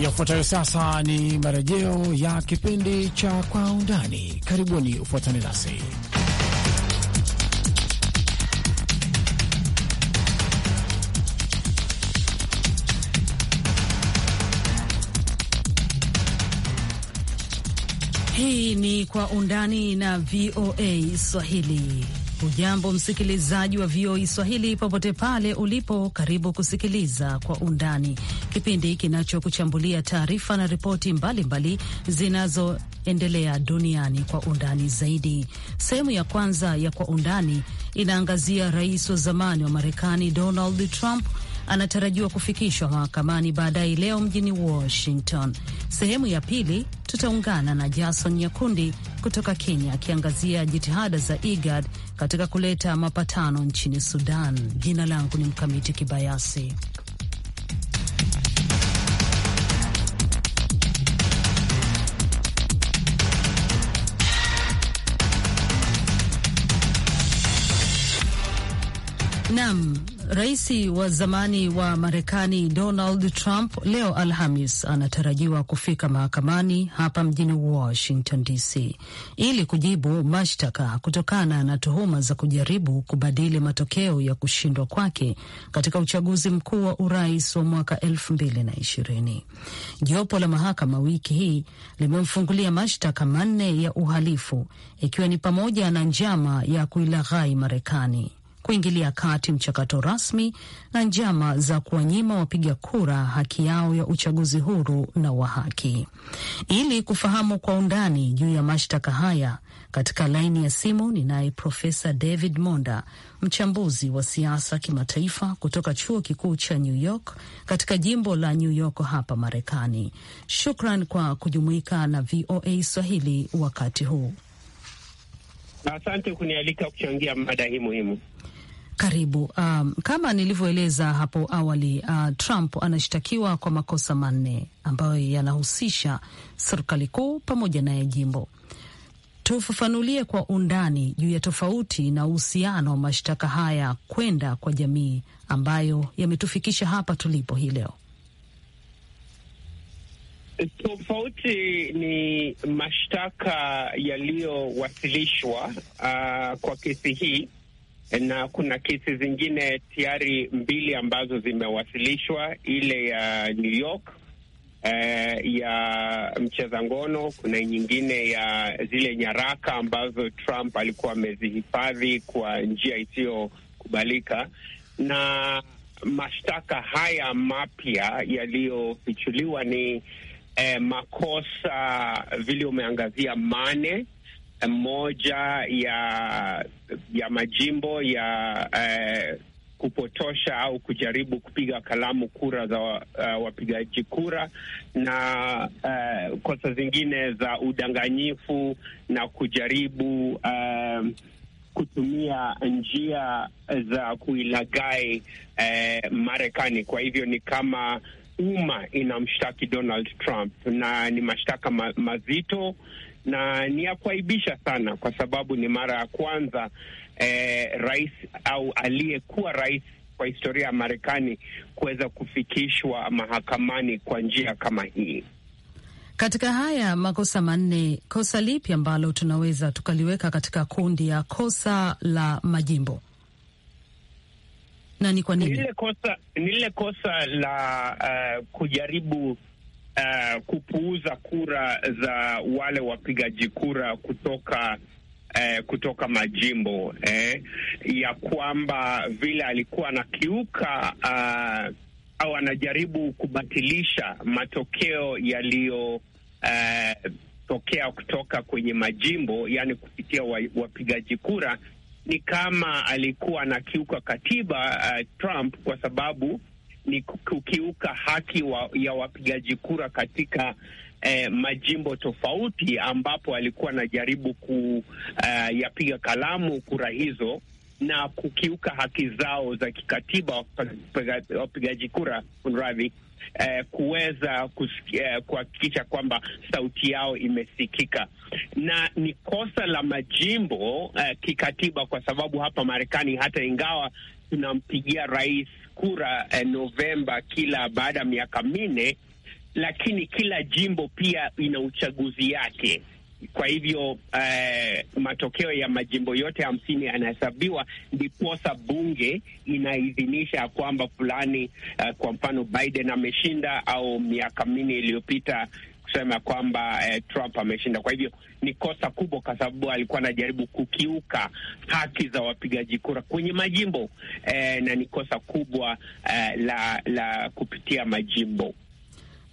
Yafuatayo sasa ni marejeo ya kipindi cha Kwa Undani. Karibuni, ufuatane nasi. Hii ni Kwa Undani na VOA Swahili. Ujambo msikilizaji wa VOA e Swahili popote pale ulipo, karibu kusikiliza Kwa Undani, kipindi kinachokuchambulia taarifa na ripoti mbalimbali zinazoendelea duniani kwa undani zaidi. Sehemu ya kwanza ya Kwa Undani inaangazia rais wa zamani wa Marekani Donald Trump anatarajiwa kufikishwa mahakamani baadaye leo mjini Washington. Sehemu ya pili tutaungana na Jason Nyakundi kutoka Kenya akiangazia jitihada za IGAD katika kuleta mapatano nchini Sudan. Jina langu ni Mkamiti Kibayasi. nam rais wa zamani wa Marekani Donald Trump leo Alhamis anatarajiwa kufika mahakamani hapa mjini Washington DC ili kujibu mashtaka kutokana na tuhuma za kujaribu kubadili matokeo ya kushindwa kwake katika uchaguzi mkuu wa urais wa mwaka elfu mbili na ishirini. Jopo la mahakama wiki hii limemfungulia mashtaka manne ya uhalifu ikiwa ni pamoja na njama ya kuilaghai Marekani kuingilia kati mchakato rasmi na njama za kuwanyima wapiga kura haki yao ya uchaguzi huru na wa haki. Ili kufahamu kwa undani juu ya mashtaka haya, katika laini ya simu ninaye Profesa David Monda, mchambuzi wa siasa kimataifa kutoka chuo kikuu cha New York katika jimbo la New York hapa Marekani. Shukran kwa kujumuika na VOA Swahili wakati huu. Asante kunialika kuchangia mada hii muhimu. Karibu. Um, kama nilivyoeleza hapo awali uh, Trump anashtakiwa kwa makosa manne ambayo yanahusisha serikali kuu pamoja na ya jimbo. Tufafanulie kwa undani juu ya tofauti na uhusiano wa mashtaka haya kwenda kwa jamii ambayo yametufikisha hapa tulipo hii leo. Tofauti ni mashtaka yaliyowasilishwa uh, kwa kesi hii na kuna kesi zingine tayari mbili ambazo zimewasilishwa, ile ya New York eh, ya mcheza ngono. Kuna nyingine ya zile nyaraka ambazo Trump alikuwa amezihifadhi kwa njia isiyokubalika, na mashtaka haya mapya yaliyofichuliwa ni eh, makosa vile umeangazia mane moja ya ya majimbo ya eh, kupotosha au kujaribu kupiga kalamu kura za uh, wapigaji kura na uh, eh, kosa zingine za udanganyifu na kujaribu uh, kutumia njia za kuilagai uh, Marekani. Kwa hivyo ni kama umma inamshtaki Donald Trump na ni mashtaka ma mazito na ni ya kuaibisha sana, kwa sababu ni mara ya kwanza eh, rais au aliyekuwa rais kwa historia ya Marekani kuweza kufikishwa mahakamani kwa njia kama hii. Katika haya makosa manne, kosa lipi ambalo tunaweza tukaliweka katika kundi ya kosa la majimbo? Na ni kwa nini? Ni lile kosa, ni lile kosa la uh, kujaribu uh, kupuuza kura za wale wapigaji kura kutoka Eh, kutoka majimbo eh, ya kwamba vile alikuwa anakiuka uh, au anajaribu kubatilisha matokeo yaliyotokea uh, kutoka kwenye majimbo, yani kupitia wa, wapigaji kura. Ni kama alikuwa anakiuka katiba uh, Trump, kwa sababu ni kukiuka haki wa, ya wapigaji kura katika eh, majimbo tofauti ambapo alikuwa anajaribu kuyapiga eh, kalamu kura hizo na kukiuka haki zao za kikatiba wapigaji kura radhi, eh, kuweza eh, kuhakikisha kwamba sauti yao imesikika, na ni kosa la majimbo eh, kikatiba, kwa sababu hapa Marekani hata ingawa tunampigia rais kura eh, Novemba kila baada ya miaka minne, lakini kila jimbo pia ina uchaguzi yake. Kwa hivyo eh, matokeo ya majimbo yote hamsini yanahesabiwa, ndiposa bunge inaidhinisha kwamba fulani eh, kwa mfano Biden ameshinda au miaka minne iliyopita kusema kwamba eh, Trump ameshinda. Kwa hivyo ni kosa kubwa, kwa sababu alikuwa anajaribu kukiuka haki za wapigaji kura kwenye majimbo eh, na ni kosa kubwa eh, la, la kupitia majimbo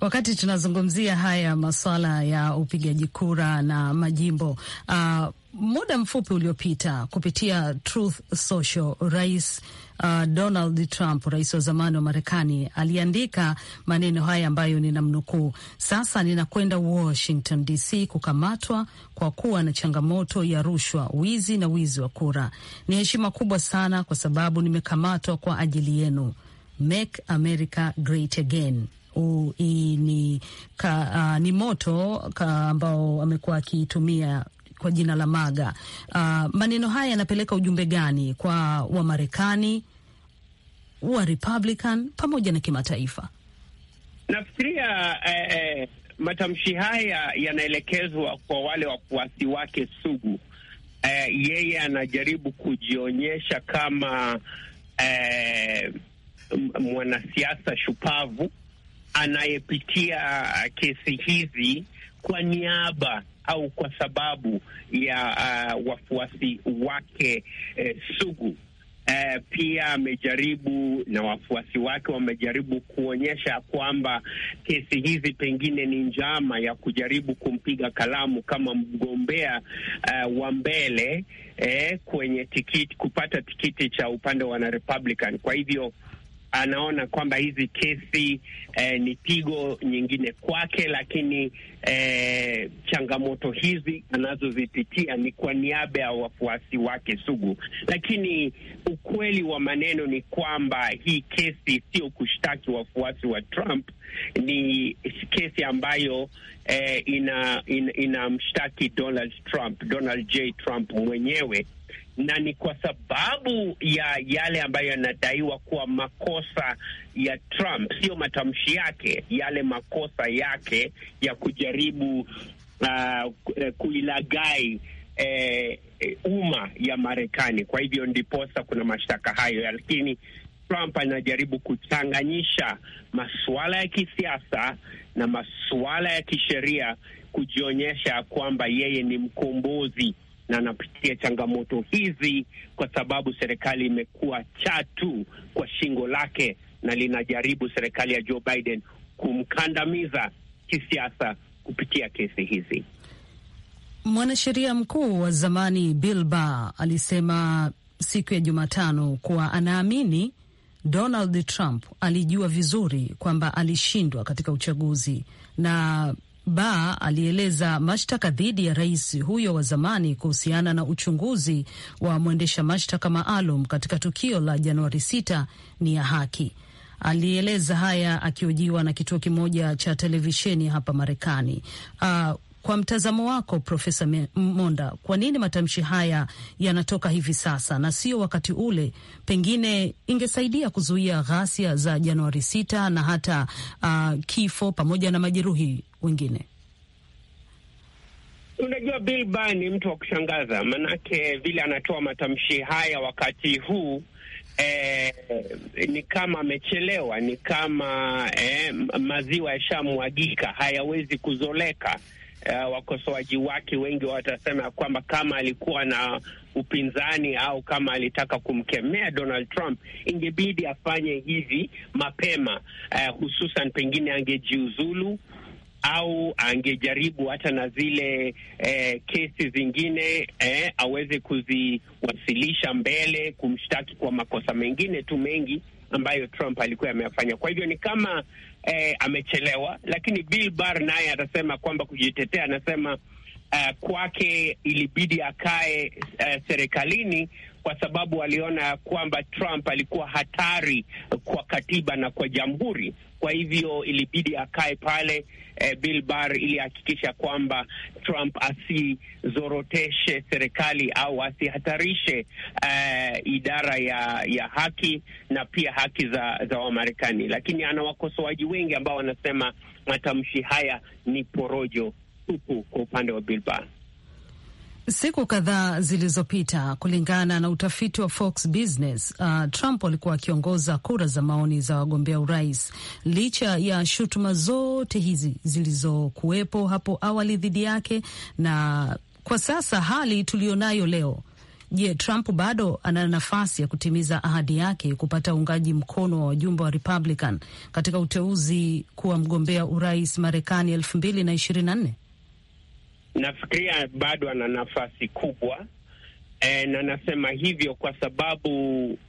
Wakati tunazungumzia haya masuala ya upigaji kura na majimbo uh, muda mfupi uliopita kupitia Truth Social rais uh, Donald Trump, rais wa zamani wa Marekani, aliandika maneno haya ambayo ninamnukuu: sasa ninakwenda Washington DC kukamatwa kwa kuwa na changamoto ya rushwa, wizi na wizi wa kura. Ni heshima kubwa sana, kwa sababu nimekamatwa kwa ajili yenu. Make America Great Again u, i, ni, ka, uh, ni moto ambao amekuwa akitumia kwa jina la MAGA. Uh, maneno haya yanapeleka ujumbe gani kwa Wamarekani wa Republican pamoja na kimataifa? Nafikiria eh, eh, matamshi haya yanaelekezwa kwa wale wafuasi wake sugu. Eh, yeye anajaribu kujionyesha kama eh, mwanasiasa shupavu anayepitia kesi hizi kwa niaba au kwa sababu ya uh, wafuasi wake eh, sugu. Eh, pia amejaribu na wafuasi wake wamejaribu kuonyesha kwamba kesi hizi pengine ni njama ya kujaribu kumpiga kalamu kama mgombea uh, wa mbele eh, kwenye tikiti kupata tikiti cha upande wa Wanarepublican. Kwa hivyo anaona kwamba hizi kesi eh, ni pigo nyingine kwake, lakini eh, changamoto hizi anazozipitia ni kwa niaba ya wafuasi wake sugu. Lakini ukweli wa maneno ni kwamba hii kesi sio kushtaki wafuasi wa Trump, ni kesi ambayo eh, ina, ina, ina mshtaki Donald Trump, Donald J Trump mwenyewe na ni kwa sababu ya yale ambayo yanadaiwa kuwa makosa ya Trump, siyo matamshi yake, yale makosa yake ya kujaribu uh, kuilagai uh, umma ya Marekani. Kwa hivyo ndiposa kuna mashtaka hayo, lakini Trump anajaribu kuchanganyisha masuala ya kisiasa na masuala ya kisheria kujionyesha kwamba yeye ni mkombozi na anapitia changamoto hizi kwa sababu serikali imekuwa chatu kwa shingo lake na linajaribu serikali ya Joe Biden kumkandamiza kisiasa kupitia kesi hizi. Mwanasheria mkuu wa zamani Bill Barr alisema siku ya Jumatano kuwa anaamini Donald Trump alijua vizuri kwamba alishindwa katika uchaguzi na Ba alieleza mashtaka dhidi ya rais huyo wa zamani kuhusiana na uchunguzi wa mwendesha mashtaka maalum katika tukio la Januari 6 ni ya haki. Alieleza haya akiojiwa na kituo kimoja cha televisheni hapa Marekani. Uh, kwa mtazamo wako Profesa Monda, kwa nini matamshi haya yanatoka hivi sasa na sio wakati ule? Pengine ingesaidia kuzuia ghasia za Januari sita na hata uh, kifo pamoja na majeruhi wengine. Unajua, Bill Barr ni mtu wa kushangaza, manake vile anatoa matamshi haya wakati huu eh, ni kama amechelewa, ni kama eh, maziwa yashamwagika, hayawezi kuzoleka uh, wakosoaji wake wengi watasema kwamba kama alikuwa na upinzani au kama alitaka kumkemea Donald Trump ingebidi afanye hivi mapema, uh, hususan pengine angejiuzulu au angejaribu hata na zile eh, kesi zingine eh, aweze kuziwasilisha mbele kumshtaki kwa makosa mengine tu mengi ambayo Trump alikuwa ameyafanya. Kwa hivyo ni kama eh, amechelewa, lakini Bill Barr naye atasema kwamba kujitetea, anasema uh, kwake ilibidi akae uh, serikalini kwa sababu aliona kwamba Trump alikuwa hatari kwa katiba na kwa jamhuri. Kwa hivyo ilibidi akae pale eh, Bill Barr ili ahakikisha kwamba Trump asizoroteshe serikali au asihatarishe eh, idara ya ya haki na pia haki za, za Wamarekani. Lakini ana wakosoaji wengi ambao wanasema matamshi haya ni porojo tupu kwa upande wa Bill Barr. Siku kadhaa zilizopita, kulingana na utafiti wa Fox Business, uh, Trump alikuwa akiongoza kura za maoni za wagombea urais licha ya shutuma zote hizi zilizokuwepo hapo awali dhidi yake. Na kwa sasa hali tuliyonayo leo Je, Trump bado ana nafasi ya kutimiza ahadi yake kupata uungaji mkono wa wajumbe wa Republican katika uteuzi kuwa mgombea urais Marekani elfu mbili na ishirini na nne? nafikiria bado ana nafasi kubwa e, na nasema hivyo kwa sababu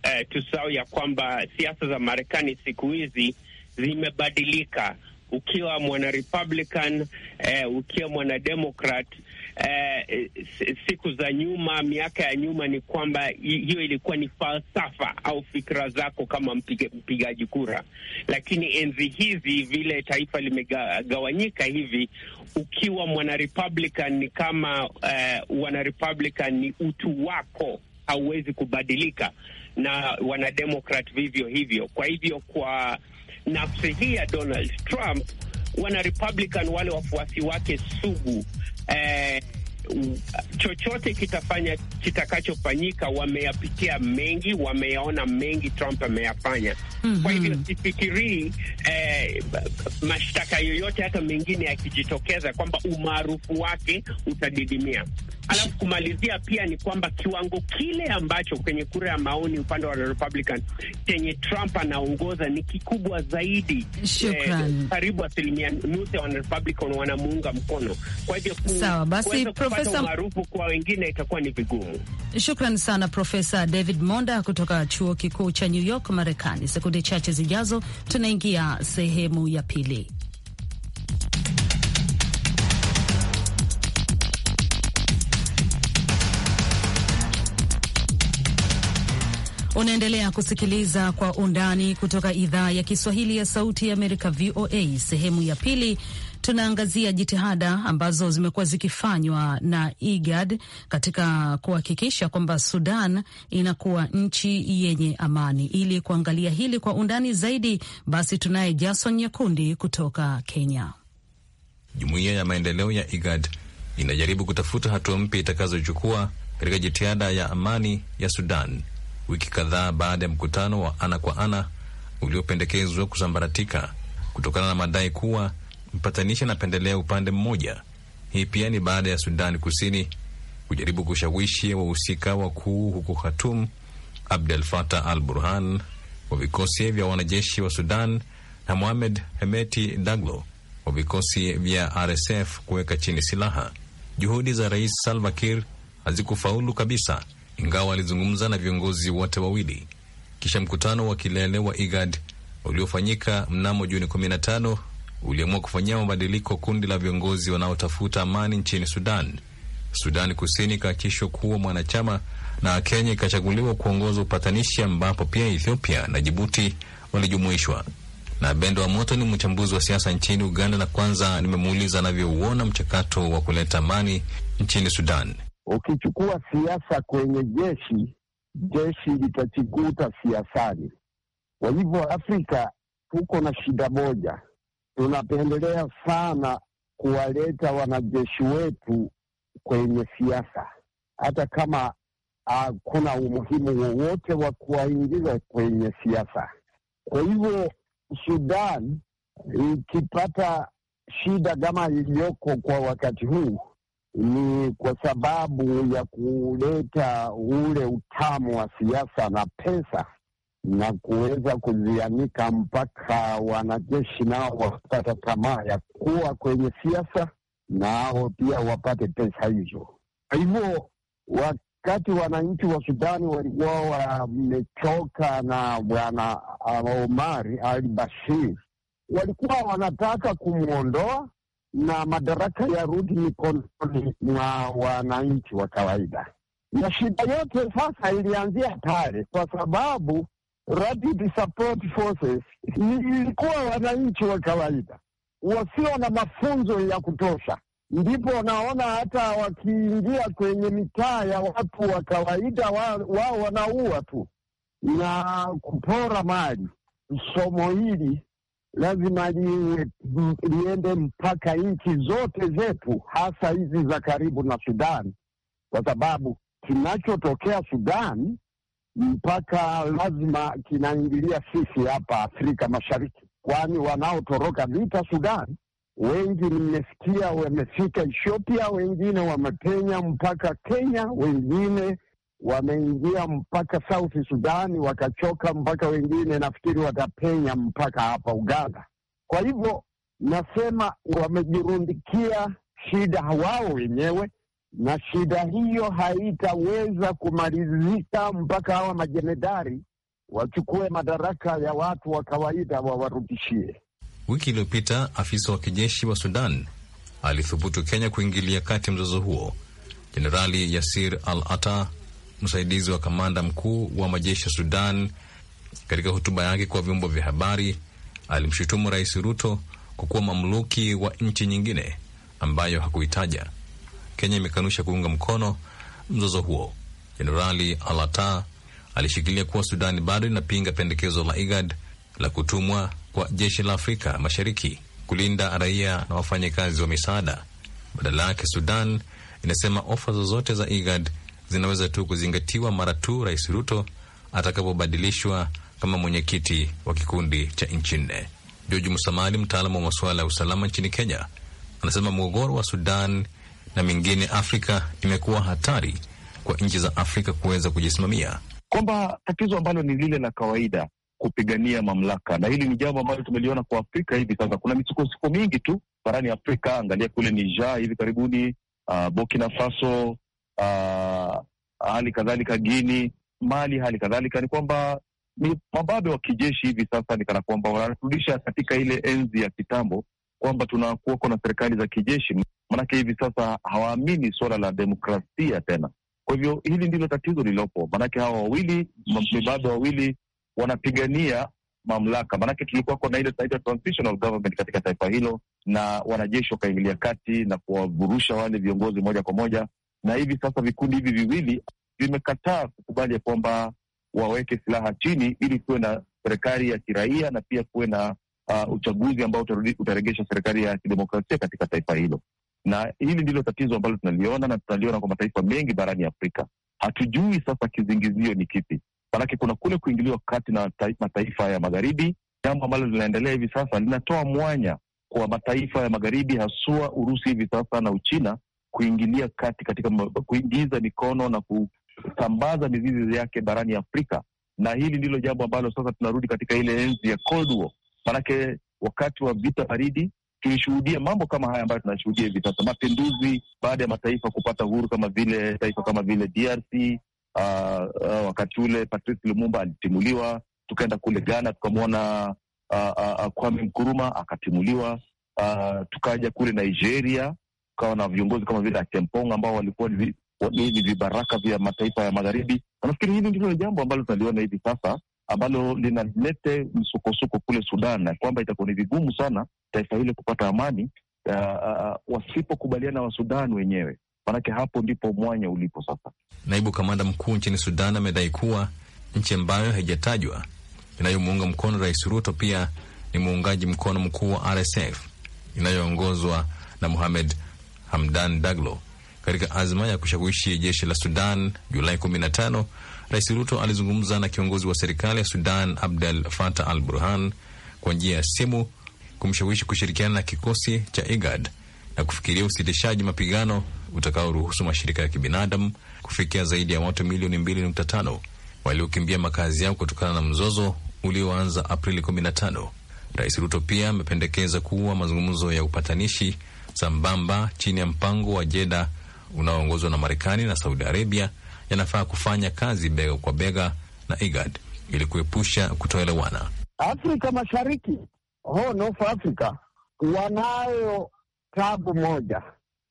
e, tusahau ya kwamba siasa za Marekani siku hizi zimebadilika. Ukiwa mwana Republican e, ukiwa mwana Democrat eh, siku za nyuma, miaka ya nyuma, ni kwamba hiyo ilikuwa ni falsafa au fikra zako kama mpigaji kura. Lakini enzi hizi vile taifa limegawanyika hivi, ukiwa mwana Republican ni kama eh, wana Republican ni utu wako hauwezi kubadilika, na wanademokrat vivyo hivyo. Kwa hivyo kwa nafsi hii ya Donald Trump, wana Republican wale wafuasi wake sugu Eh, chochote kitafanya kitakachofanyika, wameyapitia mengi, wameyaona mengi Trump ameyafanya. mm -hmm. Kwa hivyo sifikirii eh, mashtaka yoyote hata mengine yakijitokeza kwamba umaarufu wake utadidimia. Alafu kumalizia pia ni kwamba kiwango kile ambacho kwenye kura ya maoni upande wa Republican chenye Trump anaongoza ni kikubwa zaidi, eh, karibu eh, asilimia nusu ya Wanarepublican wanamuunga mkono. Kwa hivyo sawa basi Profesa... maarufu kwa wengine itakuwa ni vigumu. Shukran sana Profesa David Monda kutoka chuo kikuu cha New York, Marekani. Sekunde chache zijazo, tunaingia sehemu ya pili. Unaendelea kusikiliza Kwa Undani kutoka idhaa ya Kiswahili ya Sauti ya Amerika, VOA. Sehemu ya pili tunaangazia jitihada ambazo zimekuwa zikifanywa na IGAD katika kuhakikisha kwamba Sudan inakuwa nchi yenye amani. Ili kuangalia hili kwa undani zaidi, basi tunaye Jason Nyakundi kutoka Kenya. Jumuiya ya maendeleo ya IGAD inajaribu kutafuta hatua mpya itakazochukua katika jitihada ya amani ya Sudan, wiki kadhaa baada ya mkutano wa ana kwa ana uliopendekezwa kusambaratika kutokana na madai kuwa mpatanishi anapendelea upande mmoja. Hii pia ni baada ya Sudani Kusini kujaribu kushawishi wahusika wakuu huku khatum Abdel fatah al Burhan wa vikosi vya wanajeshi wa Sudan na Mohamed Hemeti Daglo wa vikosi vya RSF kuweka chini silaha. Juhudi za Rais Salva Kiir hazikufaulu kabisa, ingawa alizungumza na viongozi wote wawili kisha mkutano wa kilele wa IGAD uliofanyika mnamo Juni 15 uliamua kufanyia mabadiliko kundi la viongozi wanaotafuta amani nchini Sudan. Sudani Kusini ikaachishwa kuwa mwanachama na Kenya ikachaguliwa kuongoza upatanishi, ambapo pia Ethiopia na Jibuti walijumuishwa. Na Bendo wa Moto ni mchambuzi wa siasa nchini Uganda, na kwanza nimemuuliza anavyouona mchakato wa kuleta amani nchini Sudan. Ukichukua siasa kwenye jeshi, jeshi litachikuta siasani. Kwa hivyo, Afrika tuko na shida moja unapendelea sana kuwaleta wanajeshi wetu kwenye siasa, hata kama hakuna umuhimu wowote wa kuwaingiza kwenye siasa. Kwa hivyo, Sudan ikipata shida kama iliyoko kwa wakati huu ni kwa sababu ya kuleta ule utamu wa siasa na pesa na kuweza kuzianika mpaka wanajeshi nao wapata tamaa ya kuwa kwenye siasa, nao pia wapate pesa hizo. Kwa hivyo wakati wananchi wa Sudani walikuwa wamechoka na bwana Omari al Bashir, walikuwa wanataka kumwondoa na madaraka yarudi mikononi mwa wananchi wa kawaida. Na shida yote sasa ilianzia pale, kwa sababu Rapid Support Forces ilikuwa wananchi wa kawaida wasio na mafunzo ya kutosha, ndipo wanaona hata wakiingia kwenye mitaa ya watu wa kawaida wao wa wanaua tu na kupora mali. Somo hili lazima liwe liende mpaka nchi zote zetu, hasa hizi za karibu na Sudani, kwa sababu kinachotokea Sudani mpaka lazima kinaingilia sisi hapa Afrika Mashariki, kwani wanaotoroka vita Sudan wengi nimesikia wamefika Ethiopia, wengine wamepenya mpaka Kenya, wengine wameingia mpaka South Sudani wakachoka, mpaka wengine nafikiri watapenya mpaka hapa Uganda. Kwa hivyo nasema wamejirundikia shida wao wenyewe na shida hiyo haitaweza kumalizika mpaka hawa majemedari wachukue madaraka ya watu wa kawaida wawarudishie. Wiki iliyopita afisa wa kijeshi wa Sudan alithubutu Kenya kuingilia kati mzozo huo. Jenerali Yasir Al Ata, msaidizi wa kamanda mkuu wa majeshi ya Sudan, katika hotuba yake kwa vyombo vya habari alimshutumu Rais Ruto kwa kuwa mamluki wa nchi nyingine ambayo hakuitaja. Kenya imekanusha kuunga mkono mzozo huo. Jenerali Alata alishikilia kuwa Sudani bado inapinga pendekezo la IGAD la kutumwa kwa jeshi la Afrika Mashariki kulinda raia na wafanyakazi wa misaada. Badala yake, Sudan inasema ofa zozote za IGAD zinaweza tu kuzingatiwa mara tu Rais Ruto atakapobadilishwa kama mwenyekiti wa kikundi cha nchi nne. George Musamali, mtaalamu wa masuala ya usalama nchini Kenya, anasema mgogoro wa Sudan na mingine Afrika, imekuwa hatari kwa nchi za Afrika kuweza kujisimamia, kwamba tatizo ambalo ni lile la kawaida kupigania mamlaka, na hili ni jambo ambalo tumeliona kwa Afrika hivi sasa. Kuna misukosuko mingi tu barani Afrika, angalia kule Niger hivi karibuni, uh, Burkina Faso, uh, hali kadhalika Guini, Mali hali kadhalika, ni kwamba ni mababe wa kijeshi hivi sasa ni kana kwamba wanarudisha katika ile enzi ya kitambo kwamba tunakuwako na serikali za kijeshi, maanake hivi sasa hawaamini suala la demokrasia tena. Kwa hivyo hili ndilo tatizo lililopo, maanake hawa wawili mibado wawili wanapigania mamlaka, maanake tulikuwako na ile tunaita transitional government katika taifa hilo, na wanajeshi wakaingilia kati na kuwavurusha wale viongozi moja kwa moja, na hivi sasa vikundi hivi viwili vimekataa kukubali ya kwamba waweke silaha chini ili kuwe na serikali ya kiraia na pia kuwe na uh, uchaguzi ambao utaregesha serikali ya kidemokrasia katika taifa hilo. Na hili ndilo tatizo ambalo tunaliona na tunaliona kwa mataifa mengi barani Afrika. Hatujui sasa kizingizio ni kipi, maanake kuna kule kuingiliwa kati na mataifa ya magharibi, jambo ambalo linaendelea hivi sasa linatoa mwanya kwa mataifa ya magharibi, haswa Urusi hivi sasa na Uchina kuingilia kati katika kuingiza mikono na kusambaza mizizi yake barani Afrika, na hili ndilo jambo ambalo sasa tunarudi katika ile enzi ya Cold War manake wakati wa vita baridi tulishuhudia mambo kama haya ambayo tunashuhudia hivi sasa, mapinduzi baada ya mataifa kupata uhuru, kama vile taifa kama vile DRC. Uh, ah, uh, ah, wakati ule Patrice Lumumba alitimuliwa, tukaenda kule Ghana tukamwona uh, uh, Kwame Nkrumah akatimuliwa. Uh, tukaja kule Nigeria tukawa na viongozi kama vile Akempong ambao walikuwa ni vibaraka vya mataifa ya magharibi. Nafikiri hili ndilo jambo ambalo tunaliona hivi sasa ambalo linalete msukosuko kule Sudan, na kwamba itakuwa ni vigumu sana taifa hili kupata amani uh, uh, wasipokubaliana wa Sudan wenyewe, maanake hapo ndipo mwanya ulipo sasa. Naibu kamanda mkuu nchini Sudan amedai kuwa nchi ambayo haijatajwa inayomuunga mkono Rais Ruto pia ni muungaji mkono mkuu wa RSF inayoongozwa na muhamed Hamdan Daglo katika azma ya kushawishi jeshi la Sudan Julai tano Rais Ruto alizungumza na kiongozi wa serikali ya Sudan Abdel Fattah al Burhan kwa njia ya simu kumshawishi kushirikiana na kikosi cha IGAD na kufikiria usitishaji mapigano utakaoruhusu mashirika ya kibinadamu kufikia zaidi ya watu milioni 2.5 waliokimbia makazi yao kutokana na mzozo ulioanza Aprili 15. Rais Ruto pia amependekeza kuwa mazungumzo ya upatanishi sambamba chini ya mpango wa Jeda unaoongozwa na Marekani na Saudi Arabia yanafaa kufanya kazi bega kwa bega na IGAD ili kuepusha kutoelewana. Afrika Mashariki, Horn of Africa, wanayo tabu moja,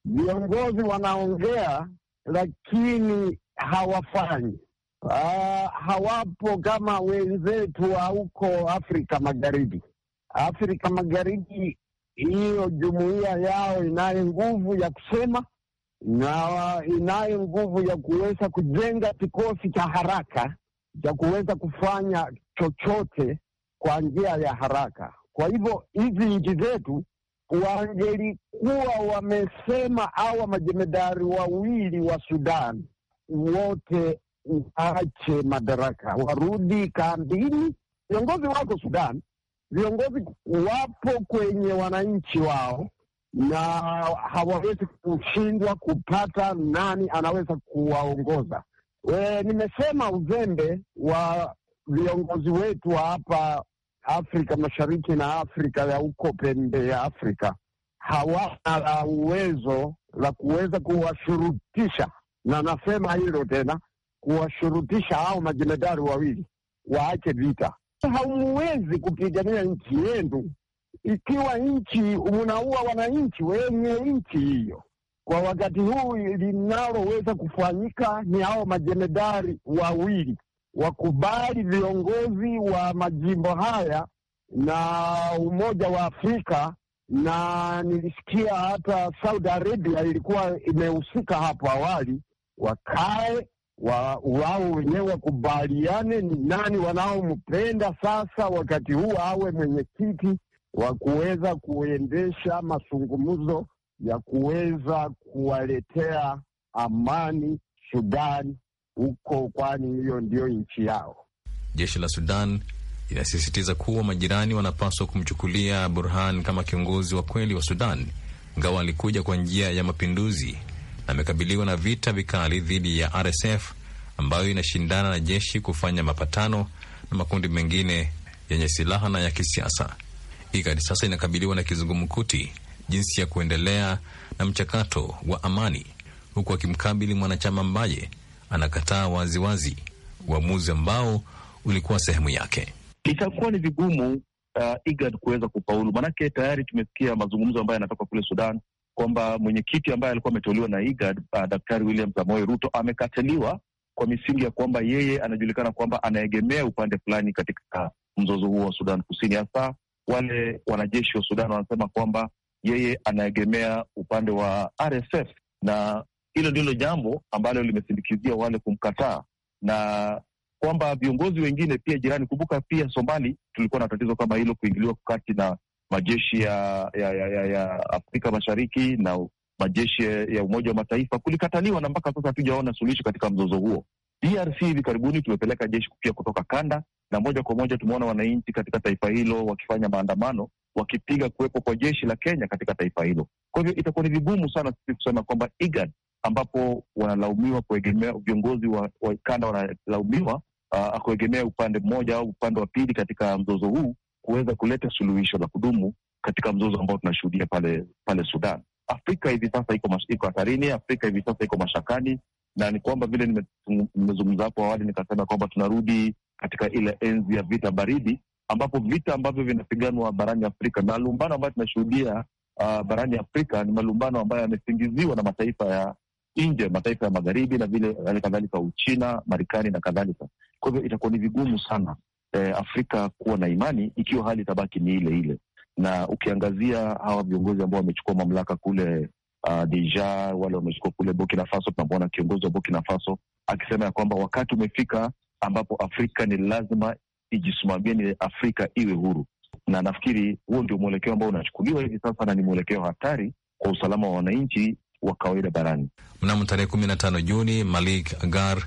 viongozi wanaongea lakini hawafanyi. Uh, hawapo kama wenzetu wa huko Afrika Magharibi. Afrika Magharibi hiyo jumuiya yao inayo nguvu ya kusema na inayo nguvu ya kuweza kujenga kikosi cha haraka cha kuweza kufanya chochote kwa njia ya haraka. Kwa hivyo hizi nchi zetu wangelikuwa wamesema, awa majemedari wawili wa Sudan wote waache madaraka, warudi kambini. Viongozi wako Sudan, viongozi wapo kwenye wananchi wao na hawawezi kushindwa kupata nani anaweza kuwaongoza. E, nimesema uzembe wa viongozi wetu wa hapa Afrika Mashariki na Afrika ya huko pembe ya Afrika hawana la uwezo la kuweza kuwashurutisha, na nasema hilo tena, kuwashurutisha hao majemedari wawili waache vita. Hamuwezi kupigania nchi yenu ikiwa nchi munaua wananchi wenye nchi hiyo kwa wakati huu linaloweza kufanyika ni hao majemedari wawili wakubali viongozi wa majimbo haya na Umoja wa Afrika, na nilisikia hata Saudi Arabia ilikuwa imehusika hapo awali. Wakae wa, wao wenyewe wakubaliane ni nani wanaompenda sasa, wakati huu awe mwenyekiti wa kuweza kuendesha mazungumzo ya kuweza kuwaletea amani Sudan huko, kwani hiyo ndiyo nchi yao. Jeshi la Sudan inasisitiza kuwa majirani wanapaswa kumchukulia Burhan kama kiongozi wa kweli wa Sudan, ingawa alikuja kwa njia ya mapinduzi na amekabiliwa na vita vikali dhidi ya RSF ambayo inashindana na jeshi kufanya mapatano na makundi mengine yenye silaha na ya kisiasa. IGAD sasa inakabiliwa na kizungumkuti jinsi ya kuendelea na mchakato wa amani, huku akimkabili mwanachama ambaye anakataa waziwazi uamuzi ambao ulikuwa sehemu yake. Itakuwa ni vigumu uh, IGAD kuweza kufaulu, maanake tayari tumesikia mazungumzo ambayo yanatoka kule Sudan kwamba mwenyekiti ambaye alikuwa ameteuliwa na IGAD uh, Daktari William Samoei Ruto amekataliwa kwa misingi ya kwamba yeye anajulikana kwamba anaegemea upande fulani katika mzozo huo wa Sudan Kusini, hasa wale wanajeshi wa Sudan wanasema kwamba yeye anaegemea upande wa RSF, na hilo ndilo jambo ambalo limesindikizia wale kumkataa na kwamba viongozi wengine pia jirani. Kumbuka pia Somali tulikuwa na tatizo kama hilo, kuingiliwa kati na majeshi ya, ya, ya, ya, ya Afrika Mashariki na majeshi ya Umoja wa Mataifa, kulikataliwa na mpaka sasa hatujaona suluhisho katika mzozo huo. DRC hivi karibuni tumepeleka jeshi pia kutoka kanda, na moja kwa moja tumeona wananchi katika taifa hilo wakifanya maandamano wakipiga kuwepo kwa jeshi la Kenya katika taifa hilo. Kwa hivyo itakuwa ni vigumu sana sisi kusema kwamba IGAD ambapo wanalaumiwa kuegemea viongozi wa, wa kanda wanalaumiwa uh, kuegemea upande mmoja au upande wa pili katika mzozo huu kuweza kuleta suluhisho la kudumu katika mzozo ambao tunashuhudia pale pale Sudan. Afrika hivi sasa iko hatarini, Afrika hivi sasa iko mashakani, na ni kwamba vile nimezungumza hapo awali nikasema kwamba tunarudi katika ile enzi ya vita baridi, ambapo vita ambavyo vinapiganwa barani Afrika na lumbano ambayo tunashuhudia uh, barani Afrika ni malumbano ambayo yamesingiziwa na mataifa ya nje, mataifa ya magharibi na vile hali kadhalika Uchina, Marekani na kadhalika. Kwa hivyo itakuwa ni vigumu sana eh, Afrika kuwa na imani ikiwa hali itabaki ni ile ile, na ukiangazia hawa viongozi ambao wamechukua mamlaka kule Uh, deja wale wamechukua kule Burkina Faso, tunamwona kiongozi wa Burkina Faso akisema ya kwamba wakati umefika ambapo Afrika ni lazima ijisimamie, ni Afrika iwe huru, na nafikiri huo ndio mwelekeo ambao unachukuliwa hivi sasa na ni mwelekeo hatari kwa usalama wa wananchi wa kawaida barani. Mnamo tarehe kumi na tano Juni, Malik Agar,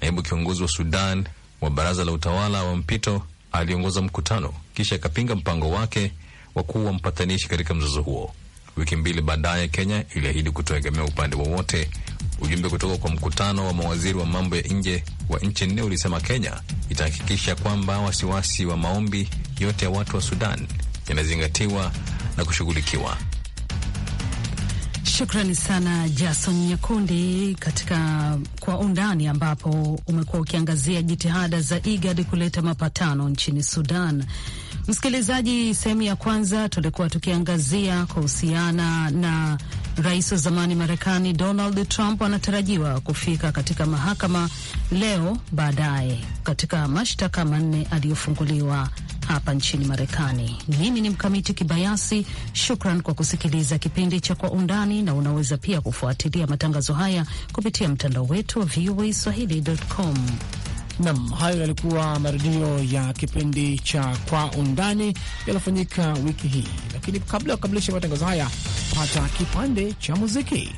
naibu kiongozi wa Sudan wa baraza la utawala wa mpito, aliongoza mkutano kisha akapinga mpango wake wa kuwa mpatanishi katika mzozo huo. Wiki mbili baadaye, Kenya iliahidi kutoegemea upande wowote. Ujumbe kutoka kwa mkutano wa mawaziri wa mambo ya nje wa nchi nne ulisema Kenya itahakikisha kwamba wasiwasi wa maombi yote ya watu wa Sudan yanazingatiwa na kushughulikiwa. Shukrani sana Jason Nyakundi katika Kwa Undani, ambapo umekuwa ukiangazia jitihada za IGAD kuleta mapatano nchini Sudan. Msikilizaji, sehemu ya kwanza tulikuwa tukiangazia kuhusiana na rais wa zamani Marekani Donald Trump anatarajiwa kufika katika mahakama leo baadaye katika mashtaka manne aliyofunguliwa hapa nchini Marekani. Mimi ni Mkamiti Kibayasi, shukran kwa kusikiliza kipindi cha Kwa Undani, na unaweza pia kufuatilia matangazo haya kupitia mtandao wetu wa VOA swahili.com. Nam, hayo yalikuwa marudio ya kipindi cha Kwa Undani yalofanyika wiki hii, lakini kabla ya kukamilisha matangazo haya, pata kipande cha muziki.